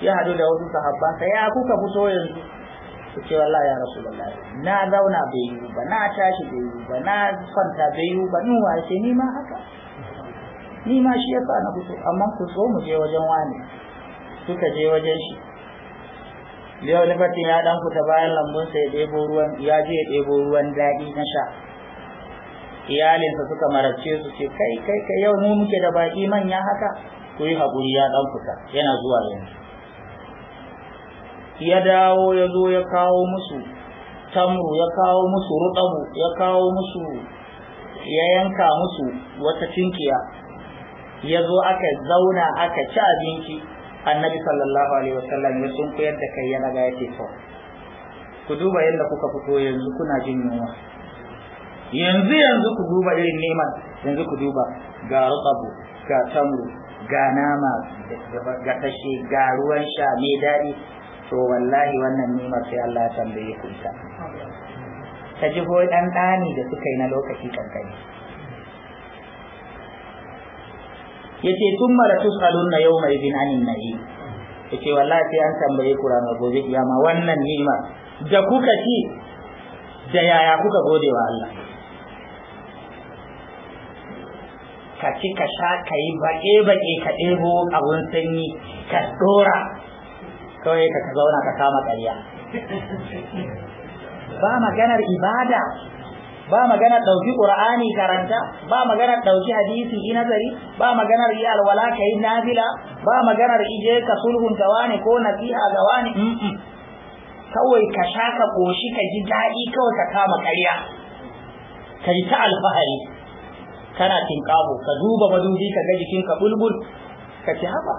ya hadu da wasu sahabbansa ya kuka fito yanzu su ce wallahi ya rasulullahi na zauna bai yi ba na tashi bai yi ba na kwanta bai yi ba nuwa ce ni ma haka ni ma shi ya na kusa, amma ku so mu je wajen wani suka je wajen shi yau lokacin ya dan fita bayan lambun sa ya ɗebo ruwan ya je ya ɗebo ruwan daɗi na sha iyalinsa suka marabce su ce kai kai kai yau mu muke da baki manya haka ku yi haƙuri ya dan fita yana zuwa yanzu ya dawo ya zo ya kawo musu tamru ya kawo musu rutabu ya kawo musu ya yanka musu wata cinkiya ya zo aka zauna aka ci abinci annabi sallallahu alaihi wasallam ya sun koyar da kai ya raga ya ce to ku duba yadda kuka fito yanzu kuna jin yunwa yanzu yanzu ku duba irin neman yanzu ku duba ga rutabu ga tamru ga nama ga tashe ga ruwan sha mai daɗi to wallahi wannan nimar sai Allah ya tambaye ku ta ji jiho dan dani da suka yi na lokaci kankani yace salon na yau mai bin anin nahi yace wallahi sai an tambaye ku ranar gobe kiyama wannan nima da kuka ci da yaya kuka gode wa Allah ka ci ka sha ka yi baƙe-baƙe ka ɗebo abun sanyi ka ɗora kawai ka zauna ka kama ƙarya ba maganar ibada ba maganar ɗauki ƙur'ani karanta ba maganar ɗauki hadisi yi nazari ba maganar yi alwala ka yi nafila ba maganar ije ka sulhunta wani ko nasiha ga wani kawai ka sha ka ƙoshi ka ji daɗi kawai ka kama ƙarya ka yi ta alfahari kana tinƙaho ka duba madubi ka ga jikinka bulbul ka ci haba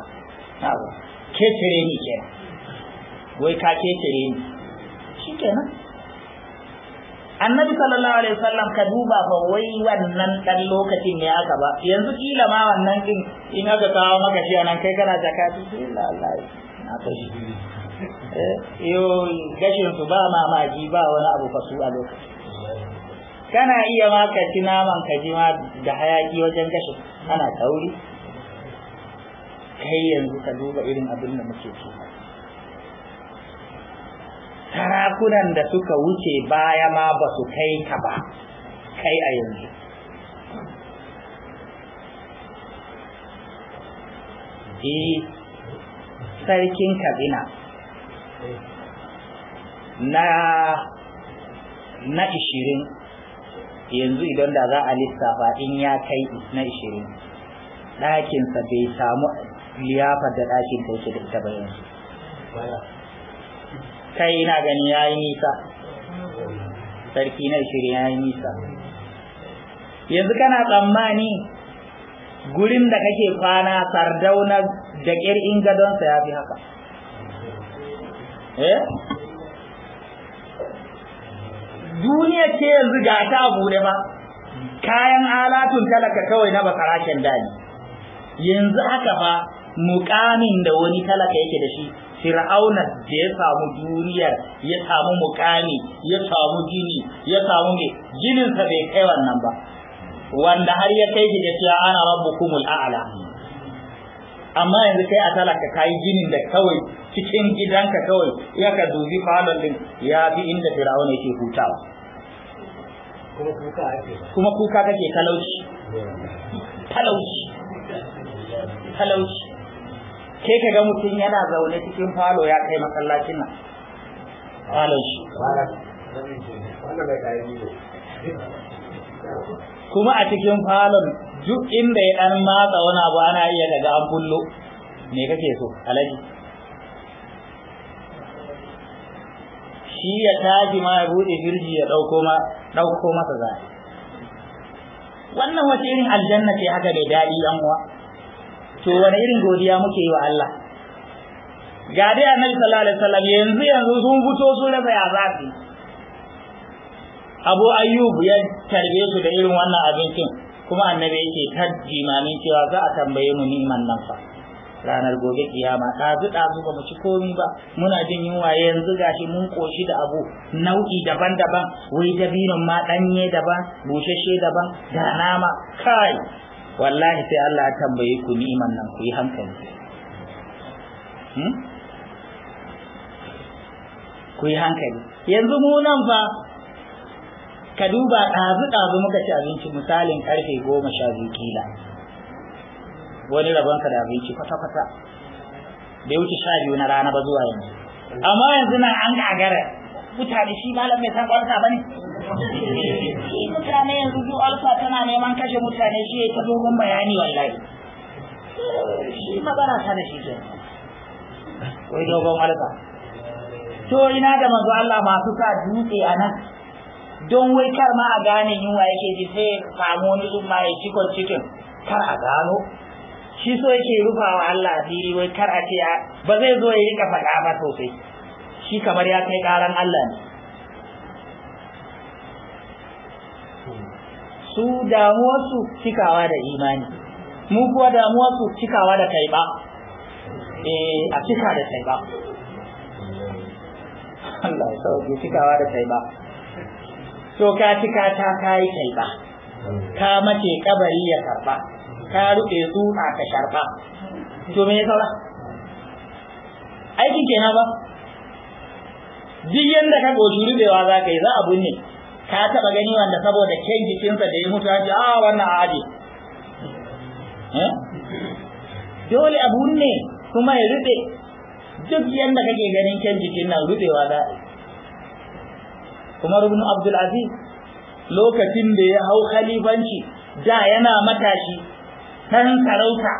ke cire ni kenan wai ka ketare ni shi kenan annabi sallallahu alaihi wasallam ka duba fa wai wannan dan lokacin ne aka ba yanzu kila ma wannan din in aka kawo maka shi anan kai kana zakati illa Allah na to shi eh yo gashin su ba mamaji ba wani abu fasu a lokacin. kana iya ma ka ci naman ka ji ma da hayaki wajen gashin ana tauri kai yanzu ka duba irin abin da muke ciki sarakunan da suka wuce baya ma ba su kai ka ba kai a yanzu e sarkin kabina na na ishirin yanzu idan da za a lissafa in ya kai na ishirin ɗakinsa bai samu liyafar da ɗakin kauce da ita ba yanzu kai ina gani ya yi nisa sarki na shirya ya yi nisa yanzu kana tsammani gurin da kake kwana sardauna da ƙir in gadonsa ya fi haka eh duniya ce yanzu ga ta bude ba kayan alatun talaka kawai na bakarashin dani yanzu haka ba mukamin da wani talaka yake da shi fir'auna da ya samu duniyar ya samu mukami ya samu gini ya samu me gininsa bai kai wannan ba wanda har ya kai shi da cewa ana rabbukumul a'la amma yanzu kai a talaka kayi ginin da kawai cikin gidanka kawai ya ka dubi falon din ya fi inda fir'auna yake hutawa kuma kuka kake talauci talauci talauci ke ka ga mutum yana zaune cikin falo ya kai masallacin nan falon shi kuma a cikin falon duk inda ya dan matsa wani abu ana iya daga an bullo me kake so alaji shi ya taji ma ya bude firji ya dauko ma dauko masa zai wannan wace irin aljanna ce haka da daɗi yan uwa to wani irin godiya muke yi wa Allah ga dai annabi sallallahu alaihi wasallam yanzu yanzu sun fito su rasa ya zafi Abu Ayyub ya tarbe su da irin wannan abincin kuma annabi yake ta jimamin cewa za a tambaye mu niman nan fa ranar gobe kiyama ɗazu ɗazu ba mu ci komai ba muna jin yunwa yanzu gashi mun koshi da abu nau'i daban-daban wai dabinon ma ɗanye daban bushashe daban da nama kai wallahi sai Allah ya tambaye ku ni'iman nan ku yi hankali hmm? ku yi hankali yanzu mu nan fa ka duba ɗazu-ɗazu muka ci abinci misalin karfe goma sha biyu kila wani ka da abinci kwata-kwata bai wuce sha biyu na rana ba zuwa yanzu amma yanzu nan an gagara mutane shi malam mai san kwarta ba ne shi mutane yanzu zu alfa tana neman kashe mutane shi ya ta dogon bayani wallahi shi magana ta da shi ke wai dogon alfa to ina da manzo Allah masu sa dutse a nan don wai kar ma a gane yunwa yake ji sai samu wani zuma ya cikon cikin kar a gano shi so yake rufawa Allah asiri wai kar a ce ba zai zo ya rika faɗa ba sosai shi kamar ya kai ƙaran Allah ne su damuwarsu cikawa da imani mu kuwa damuwarsu cikawa da taiba eh a cika da taiba Allah ya sauke cikawa da taiba to ka cika ta kai taiba ka mace kabari ya karba ka rufe a ka sharba to me yasa aikin kenan ba duk da ka goshi rubewa za ka yi za a ne. ka taba gani wanda saboda kyan jikinsa da ya mutu ce ah, eh? a wannan aje dole abun ne kuma ya rufe duk yadda kake ganin kyan jikin nan rubewa za a kuma rubin abdul lokacin da ya hau khalifanci da yana matashi kan sarauta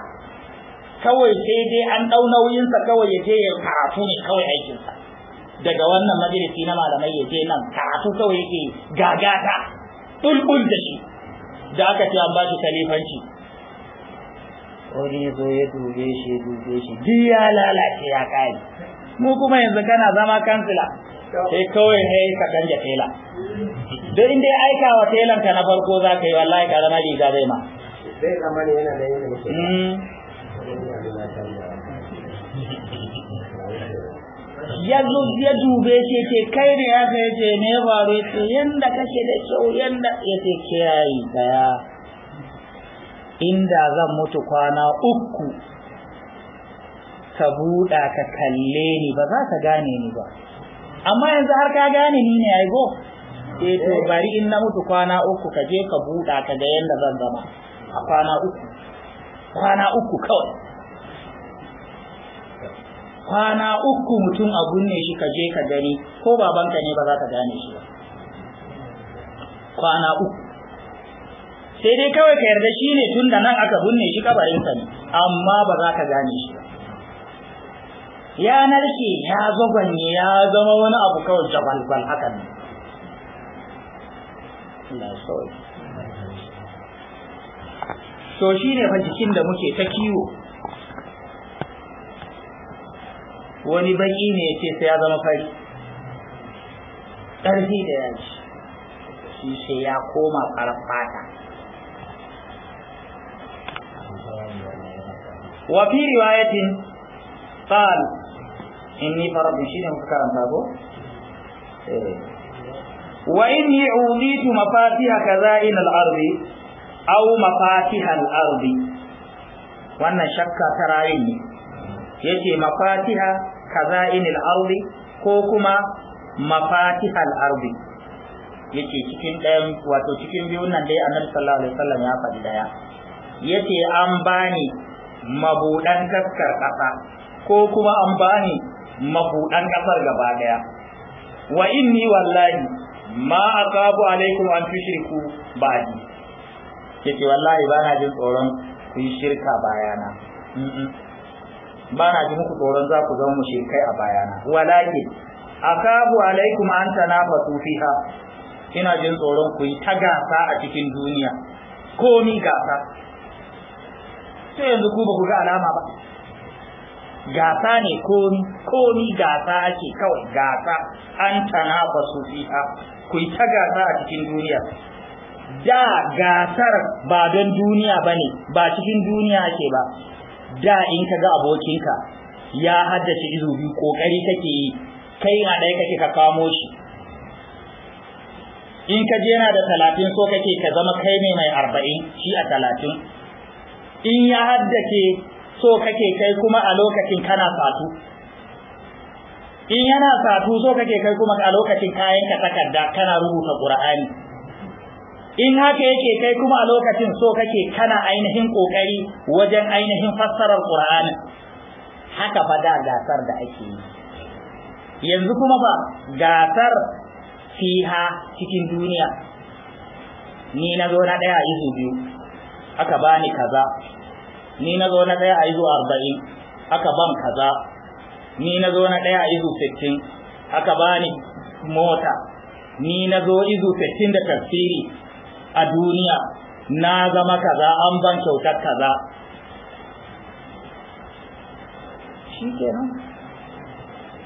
kawai sai dai an ɗau nauyinsa kawai ya je ya karatu ne kawai aikinsa daga wannan majalisi na malamai ya je nan karatu kawai yake gagata bulbul da shi da aka ce an ba shi kalifanci wani zo ya dube shi ya dube shi duk ya lalace ya kare mu kuma yanzu kana zama kansila sai kawai ne ka canja tela da in dai aika wa telan ka na farko za ka yi wallahi ka zama riga zai ma zai zama ne yana da yin ya dube ce ce kai ne ya kai ce ne ya faru ce yanda kake da kyau yanda ya ce kiyaye daya inda zan mutu kwana uku ka buɗa ka kalle ni ba za ka gane ni ba amma yanzu har ka gane ni ne aigo eh to bari in na mutu kwana uku ka je ka buɗa ka ga yanda zan zama a kwana uku kwana uku kawai kwana uku mutum a gunne shi ka je ka gani ko babanka ne ba za ka gane shi ba kwana uku sai dai kawai ka yarda shi ne tun da nan aka binne shi kabarinsa ne amma ba za ka gane shi ba ya narke ya zagwanye ya zama wani abu kawai jabalbal hakan ne to shi ne fa jikin da muke ta kiwo wani baki ne ya ce sai ya zama fari ƙarfi da yaji shi sai ya koma farfata wa fi riwayatin qal inni faradun shi ne muka karanta ko eh. wa inni uditu mafatiha kaza'in al-ardi aw mafatiha al-ardi wannan shakka ta rayin ne yace mafatiha kaza'inil ardi ko kuma mafatihal ardi yace cikin ɗayan wato cikin biyu nan dai annabi sallallahu alaihi wasallam ya faɗi daya yace an bani mabudan kaskar ƙasa ko kuma an bani mabuɗan ƙasar gaba daya wa inni wallahi ma aqabu alaikum an tushriku ba'di yace wallahi bana jin tsoron ku shirka bayana ba na ji muku tsoron za ku zama mushrikai a bayana walakin akabu alaikum an tanafasu fiha ina jin tsoron ku yi ta gasa a cikin duniya komi gasa to yanzu ku ba ku ga alama ba gasa ne komi komi gasa ake kawai gasa an tanafasu fiha ku yi ta gasa a cikin duniya da gasar ba don duniya bane ba cikin duniya ake ba da in ka ga abokinka ya haddace izu biyu kokari kake yi kai na ɗaya kake ka kamo shi in ka je yana da talatin so kake ka zama kai ne mai arba'in shi a talatin in ya haddace so kake kai kuma a lokacin kana satu in yana satu so kake kai kuma a lokacin kayan ka takarda kana rubuta ƙur'ani in haka yake kai kuma a lokacin so kake kana ainihin kokari wajen ainihin fassarar qur'anin haka fa da gasar da ake yi yanzu kuma ba gasar fiha cikin duniya ni na zo na daya a izu biyu aka bani kaza ni na zo na daya a izu arba'in aka ban kaza ni na zo na daya a izu sittin aka bani mota ni na zo izu sittin da tafsiri a duniya na zama kaza an ban kyautar kaza shi kenan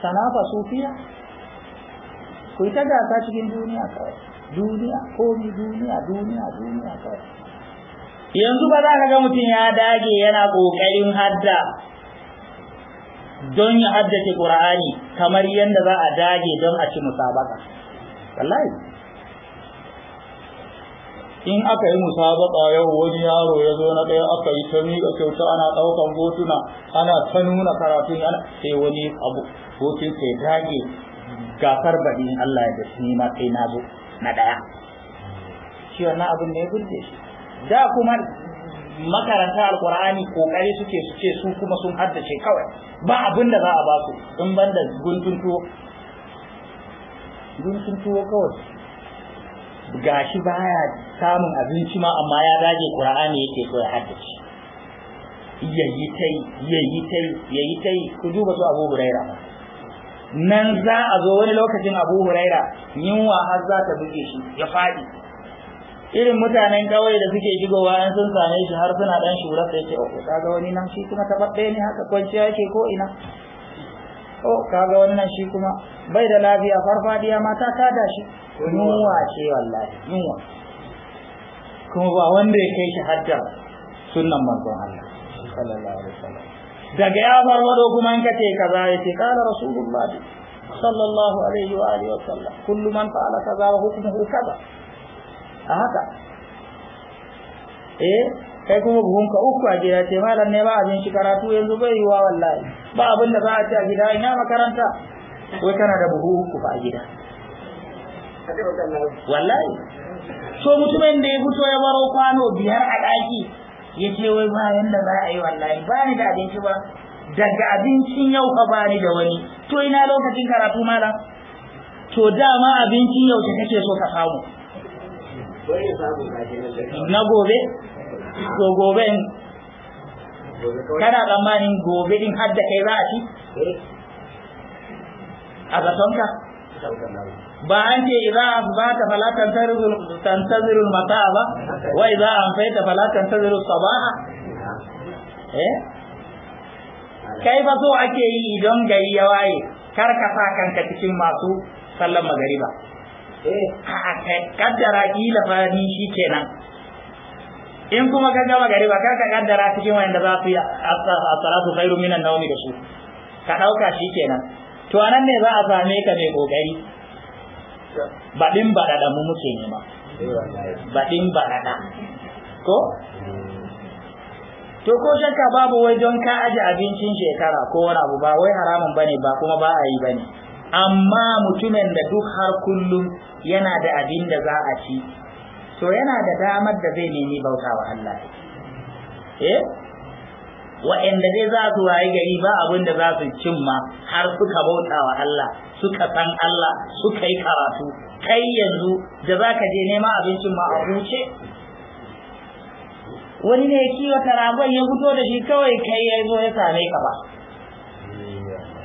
sanafa sufiya ku ta gasa cikin duniya kawai duniya komi duniya duniya duniya kawai yanzu ba za ka ga mutum ya dage yana ƙoƙarin hadda don ya haddace ƙur'ani kamar yadda za a dage don a ci musabaka wallahi in aka yi musabaka yau wani yaro ya zo na ɗaya aka yi ta miƙa kyauta ana ɗaukan hotuna ana ta nuna karatun ana sai wani abu hotun sai dage gasar baɗi Allah ya da shi ma sai na zo na ɗaya shi wannan abin da ya burge shi da kuma makaranta alkur'ani kokari suke suke su kuma sun haddace kawai ba abin da za a ba su in da guntun tuwo guntun tuwo kawai gashi baya samun abinci ma amma ya dage qur'ani yake so ya haddace yayi tai yayi tai yayi tai ku duba su Abu Huraira nan za a zo wani lokacin Abu Huraira yunwa har za ta buge shi ya fadi irin mutanen kawai da suke jigowa an sun same shi har suna dan shura sai ce oh kaga wani nan shi kuma tabbaɗe ne haka kwanciya yake ko ina oh kaga wannan shi kuma bai da lafiya farfadiya mata ta dashi shi ce wallahi yunwa kuma ba wanda ya kai shi hajjar sunnan manzon Allah sallallahu alaihi wasallam daga ya farfado kuma in kace kaza yace kana rasulullah sallallahu alaihi wa alihi wasallam kullu man fa'ala kaza wa hukmuhu kaza a haka eh kai kuma buhunka uku a gida ce malam ne ba abin shi karatu yanzu bai yiwa wallahi ba abin da za a ci a gida ina makaranta wai kana da buhu uku a gida wallahi so mutumin da ya fito ya baro kwano biyar a ɗaki ya ce wai ba yanda za a yi wallahi ba ni da abinci ba daga abincin yau ka ba ni da wani to ina lokacin karatu malam to dama abincin yau ce kake so ka samu na gobe ko gobe kana tsammanin gobe din har da kai za a ci eh. a zatonka ba an ce za a ba ta falatan al-mata'a ba a idza ta falatan tantaziru sabaha eh kai ba so ake yi idan gari ya waye kar ka sa kanka cikin masu sallan magariba ba. Eh. a kaddara kila fa ni kenan. in kuma ka gama gari ba kar ka kaddara cikin wanda za su yi as-salatu khairu minan nawmi da su ka dauka shikenan to anan ne za a same ka mai kokari badin badada mu muke nema badin badada ko to ko shakka babu wai don ka aje abincin shekara ko wani abu ba wai haramun bane ba kuma ba a yi bane amma mutumin da duk har kullum yana da abin da za a ci to yana da damar da zai nemi bauta wa Allah eh wa'anda zai za su wayi gari ba abin da za su cimma har suka bauta wa Allah suka san Allah suka yi karatu kai yanzu da za ka je nema abincin ma a huce wani ne kiwata ragon ya fito da shi kawai kai ya zo ya same ka ba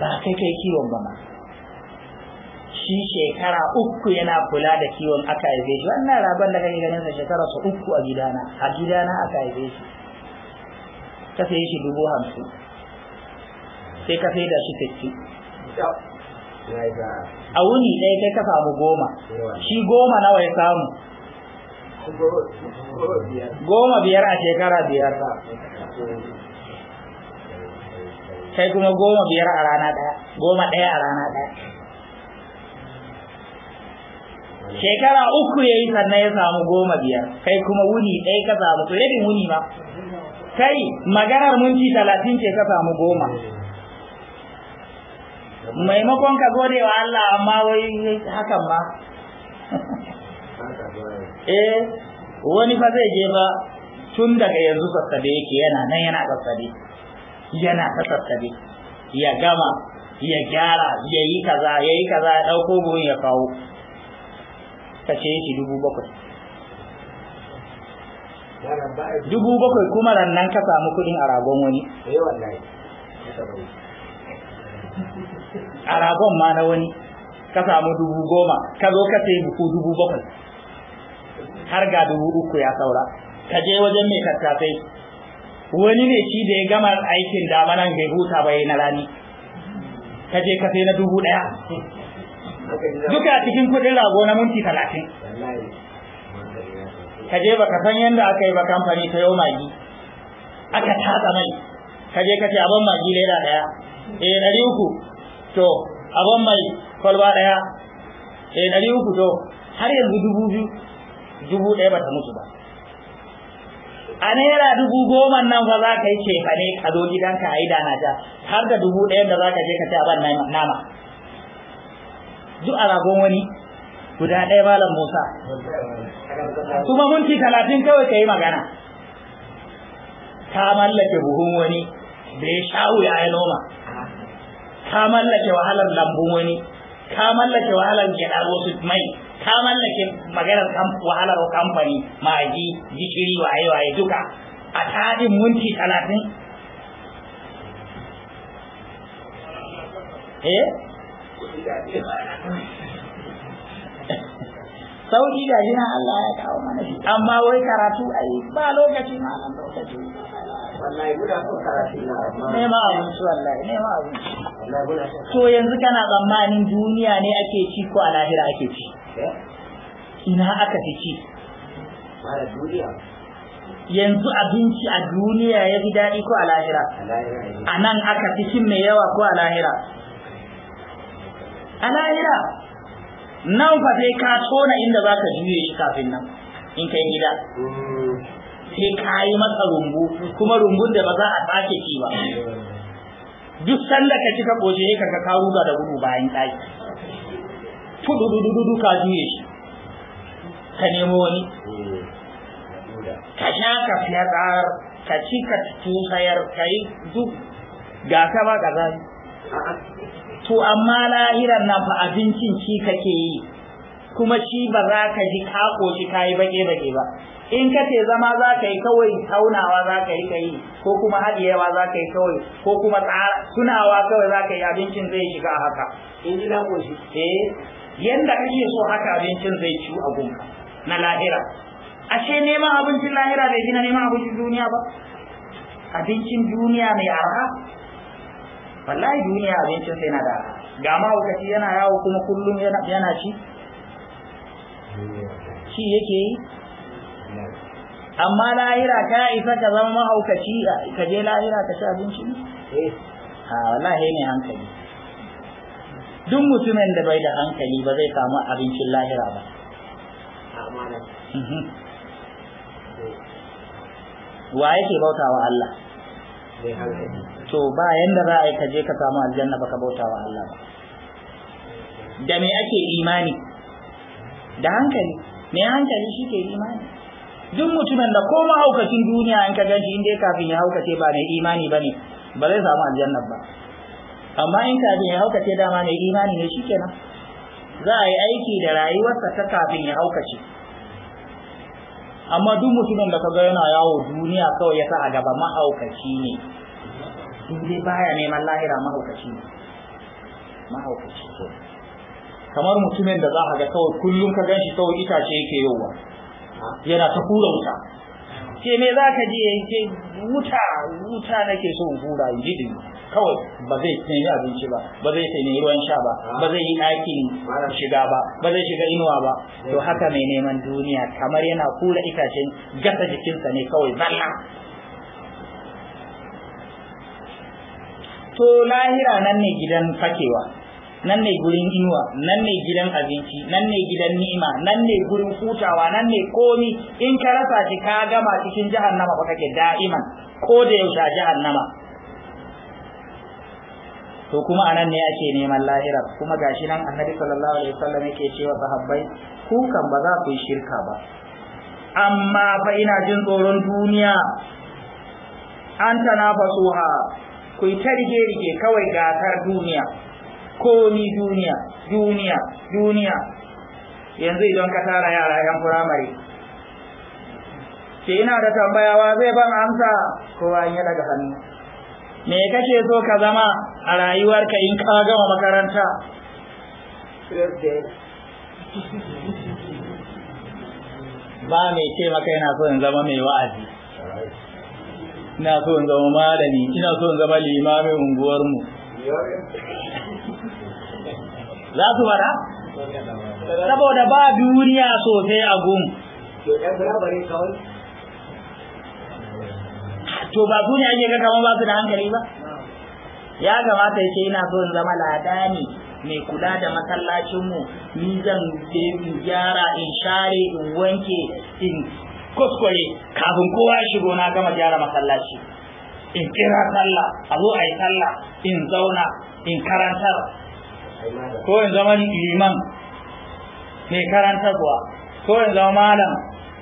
ba kai kai kiwon ba ma shi shekara uku yana kula da kiwon aka haife shi wannan rabon da kake ganin sa shekara su uku a gidana a gidana aka haife shi ka sai shi dubu hamsin sai ka sai da shi fitti a wuni ɗaya kai ka samu goma shi goma nawa ya samu goma biyar a shekara biyar kai kuma goma biyar a rana ɗaya goma ɗaya a rana ɗaya shekara uku ya yi sannan ya samu goma biyar kai kuma wuni ɗaya ka samu rabin wuni ma kai maganar minti talatin ce ka samu goma maimakon ka gode wa Allah amma wai hakan ma eh wani fa zai je ba tun daga yanzu sassabe yake yana nan yana sassabe yana ta sassabe ya gama ya gyara ya yi kaza ya yi kaza ya ɗauko buhun ya kawo ka ce shi dubu bakwai dubu bakwai kuma rannan ka samu kuɗin a ragon wani eh, a ragon ma na wani ka samu dubu goma ka zo ka sai buku dubu bakwai har ga dubu uku ya saura ka je wajen mai kattafai. wani ne shi da ya gama aikin damanan bai huta bai na rani ka je ka sai na dubu ɗaya duka a cikin kudin rago na minti talatin ka je baka san yadda aka yi ba kamfani ta yau magi aka tatsa mai ka je ka ce abin magi leda daya eh ɗari uku to abin mai kwalba daya eh ɗari uku to har yanzu dubu biyu dubu ɗaya ba ta mutu ba a naira dubu goma nan fa za ka yi ne ka zo gidanka a yi dana ja har da dubu ɗaya da za ka je ka ce a ban nama duk a ragon wani guda ɗaya malam musa kuma minti talatin kawai ka yi magana Ta mallake buhun wani da ya sha wuya ya noma ka mallake wahalar lambun wani ka mallake wahalar gyaɗar wasu mai ka mallake maganar wahalar kamfani magi gishiri waye waye duka a tadin minti talatin eh sauki ga jina Allah ya kawo mana shi amma wai karatu ai ba lokaci ma nan lokaci wallahi guda ko karatu na ne ma abun su wallahi ne ma abun to yanzu kana tsammanin duniya ne ake ci ko a lahira ake ci eh? ina aka fi ci yanzu abinci a duniya ya fi daɗi ko a lahira a nan aka fi cin mai yawa ko a lahira a lahira nan fa sai ka tona inda za ka juye shi kafin nan in kai gida sai ka yi masa rumbu kuma rumbun da ba za a sake ci ba duk sanda ka cika koce ka ka karu da gudu bayan kai tududududu ka juye shi ka nemo wani ka sha ka fiyar ka ci ka tusayar ka yi duk ga ka ba ka zai to amma lahiran nan fa abincin shi kake yi kuma shi ba za ka ji ka koshi ka yi bake bake ba in ka ce zama za ka yi kawai taunawa za ka yi ka yi ko kuma haɗiyewa za ka yi kawai ko kuma tunawa kawai za ka yi abincin zai shiga haka in ji na koshi eh yanda kake so haka abincin zai ci a gunka na lahira ashe neman abincin lahira bai gina neman abincin duniya ba abincin duniya mai arha wallahi duniya abincin sai na da ga ma wakati yana yawo kuma kullum yana ci shi yake yi amma lahira ka isa ka zama mahaukaci ka je lahira ka ci abinci eh a wallahi ne hankali duk mutumin da bai da hankali ba zai samu abincin lahira ba mhm. wa yake bautawa Allah to ba yanda za a yi kaje ka samu aljanna baka bauta wa Allah ba da me ake imani da hankali me hankali shi ke imani duk mutumin da koma haukacin duniya in ka ganshi inda kafin ya haukace ba mai imani ba ne ba zai samu aljanna ba amma in kafin ya haukace dama mai imani ne shi kenan za a yi aiki da rayuwarsa ta kafin ya haukace amma duk mutumin da ka ga yana yawo duniya kawai ya sa a gaba mahaukaci ne dai baya neman lahira mahaukaci mahaukaci so kamar mutumin da za ka ga kawai kullum ka ganshi kawai itace yake yowa yana ta kura wuta Ke me za ka je wuta wuta nake so in hura in kawai ba zai nemi abinci ba ba zai nemi ruwan sha ba ba zai yi ɗakin shiga ba ba zai shiga inuwa ba to haka mai neman duniya kamar yana kura itacen gasa jikinsa ne kawai zalla to lahira nan ne gidan fakewa nan ne gurin inuwa nan ne gidan abinci nan ne gidan ni'ima nan ne gurin hutawa nan ne komi in ka rasa shi ka gama cikin jahannama ba kake da'iman ko da yaushe a jahannama to kuma anan ne ake neman lahira kuma gashi nan annabi sallallahu alaihi wasallam yake cewa sahabbai ku kan ba za ku yi shirka ba amma fa ina jin tsoron duniya an tana fasuha ku yi ta rige-rige kawai gasar duniya komi duniya duniya duniya yanzu idan ka tara yara yan firamare ke ina da tambayawa zai ban amsa kowa in daga hannu me kake so ka zama a rayuwarka in ka gama makaranta ba mai ce maka yana so in zama mai wa'azi ina so in zama malami ina so in zama limamin unguwarmu za su fara saboda ba duniya sosai a gun to ba duniya ne ake ga ba su da hankali ba ya kamata ya ce ina so in zama ladani mai kula da masallacinmu ni zan gyara in share in wanke in kuskure kafin kowa ya shigo na gama gyara masallaci in kira sallah a zo a yi sallah in zauna in karantar ko in zama liman mai karantarwa ko in zama malam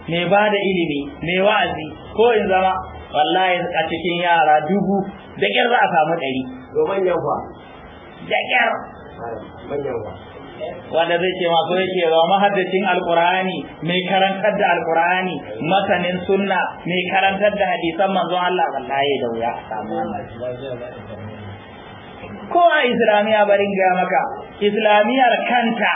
mai ba da ilimi mai wa'azi ko in zama wallahi a cikin yara dubu da kyar za a samu ɗari. Domin yawa. Da kyar. Manyan wanda zai ce masu yake zama mahaddacin alkurani mai karantar da alkurani masanin sunna mai karantar da hadisan manzon Allah wallahi da wuya ko a islamiya barin ga maka islamiyar kanta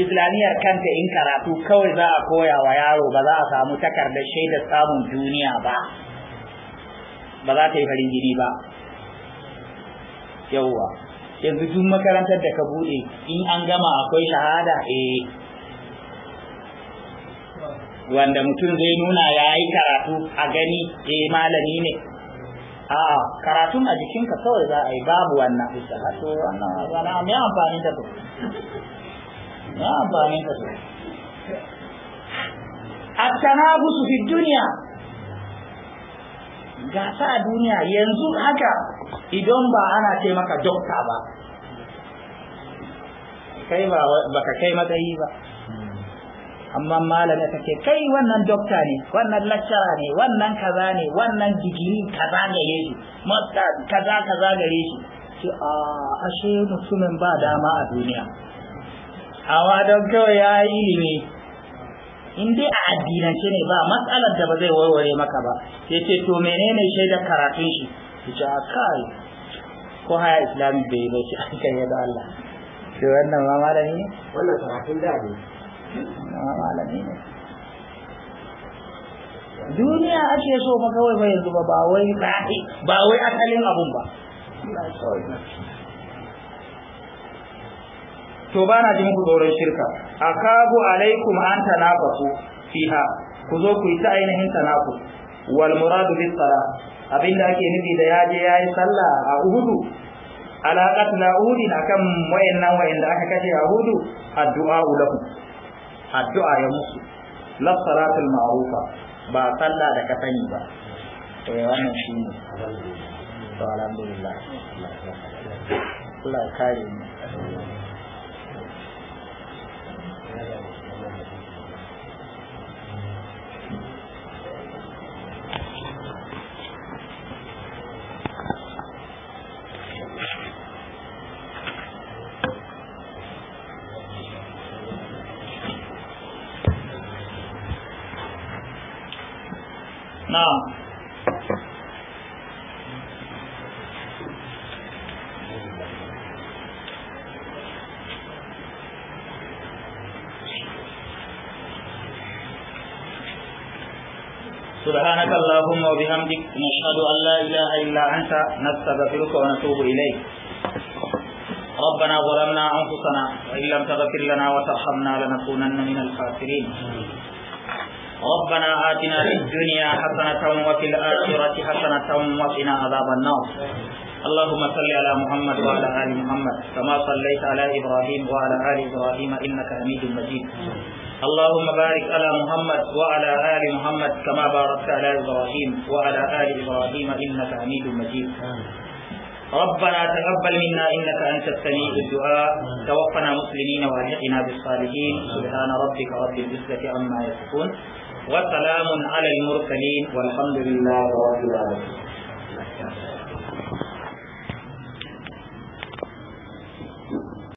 islamiyar kanta in karatu kawai za a koya wa yaro ba za a samu takardar shaidar samun duniya ba ba za ta yi farin gini ba yauwa yanzu duk makarantar da ka bude in an gama akwai shahada eh wanda mutum zai nuna ya yi karatu a gani eh malami ne a karatun a jikinka kawai za a yi babu wannan to wannan amma mai amfani da su mai amfani da su at-tanabusu fi duniya gasa a duniya yanzu haka idan ba ana ce maka dokta ba kai ba baka kai matsayi ba amma malami ta ce kai wannan dokta ne wannan lecturer ne wannan kaza ne wannan digiri kaza ne yake masta kaza kaza gare shi ce a ashe mutumin ba dama a duniya amma don kawai ya yi ilimi in dai a addinance ne ba matsalar da ba zai warware maka ba ya ce to menene shaidar karatun shi ya ce a kai ko haya islami bai yi bai ce an yadda Allah shi wannan ma malami ne wannan karatun da ne ma malami ne duniya ake so ba kawai bai yanzu ba ba wai ba wai asalin abun ba to ba na jin ku tsoron shirka akabu alaikum an tanafasu fiha ku zo ku yi ta ainihin tanafus wal muradu bis sala abinda ake nufi da ya je yayi sallah a uhudu ala qatla uhudin akan wayannan wayanda aka kashe a uhudu addu'a lahu addu'a ya musu la salatul ma'rufa ba sallah da ka ba to wannan shine to alhamdulillah Allah ya kare mu اللهم وبحمدك نشهد أن لا إله إلا أنت نستغفرك ونتوب إليك ربنا ظلمنا أنفسنا وإن لم تغفر لنا وترحمنا لنكونن من الخاسرين ربنا آتنا في الدنيا حسنة وفي الآخرة حسنة وقنا عذاب النار اللهم صل على محمد وعلى آل محمد كما صليت على إبراهيم وعلى آل إبراهيم إنك حميد مجيد اللهم بارك على محمد وعلى آل محمد كما باركت على إبراهيم وعلى آل إبراهيم إنك حميد مجيد ربنا تقبل منا إنك أنت السميع الدعاء توفنا مسلمين وألحقنا بالصالحين سبحان ربك رب العزة عما يصفون وسلام على المرسلين والحمد لله رب العالمين